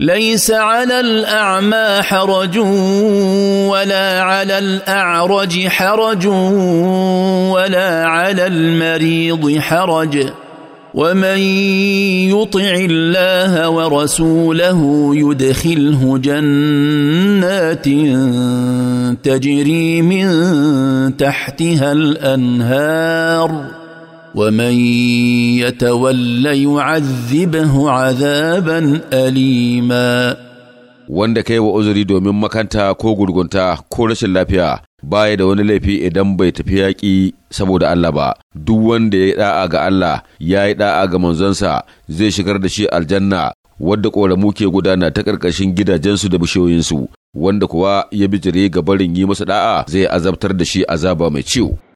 ليس على الاعمى حرج ولا على الاعرج حرج ولا على المريض حرج ومن يطع الله ورسوله يدخله جنات تجري من تحتها الانهار ومن يتولى يعذبه عذابا أليما wanda kai wa uzuri domin makanta ko gurgunta ko rashin lafiya baya da wani laifi idan bai tafi yaƙi saboda Allah ba duk wanda ya yi da'a ga Allah ya yi da'a ga manzonsa zai shigar da shi aljanna wadda ƙoramu ke gudana ta ƙarƙashin gidajensu da bishiyoyinsu wanda kuwa ya bijire ga barin yi masa da'a zai azabtar da shi azaba mai ciwo